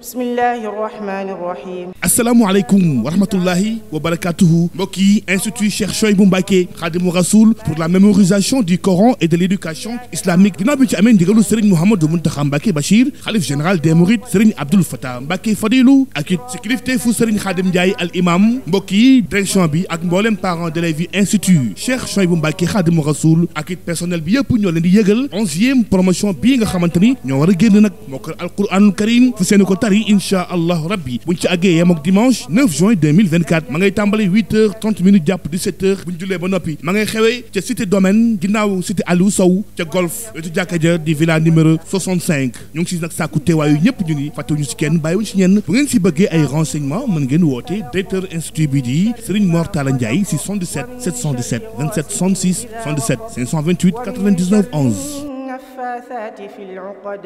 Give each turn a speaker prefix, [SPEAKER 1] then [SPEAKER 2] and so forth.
[SPEAKER 1] bismillahi rahmani rahim
[SPEAKER 2] asalaamualeykum wa rahmatullahi wa barakatuhu mbokk yi institut Cheikh Chouaïbou Mbacké Khadimou Rassoul pour la mémorisation du Coran et de l'éducation islamique ginnaaw bi ci amee ndigalu Serigne Mouhamadou Mountakha Mbacké Bachir xalif général des Mourides Serigne Abdoul Fattah Mbacké Fadilou ak it ci kilifte fu Serigne Khadim Ndiaye al imam mbokk yi direction bi ak mbooleem parents d'élèves yi institut Cheikh Chouaïbou Mbacké Khadimou Rassoul ak it personnel bi yëpp ñoo leen di yëgal onzième promotion bii nga xamante ni ñoo war a génn nag mokkal alquranul karim fu seeni ko tari incha allah rabbi dimanche juin 2024 ngay tàmbali 8 heures 30 minutes jàpp 17 heures bu jullee ba noppi ma ngay xewee ca cité domaine ginnaaw cité Aliou Sow ca golf wetu jàkka ja di villa numéro 65 ñu ngi si nag sàkku teewaayu ñëpp ñu ni fàttewuñu si kenn bàyyiwuñu si ñenn bu ngeen si bëggee ay renseignements mën ngeen woote directeur institut bi di Serigne Mor Talla Ndiaye si 77 717 27 66 77 528 99 11.
[SPEAKER 1] النفاثات في العقد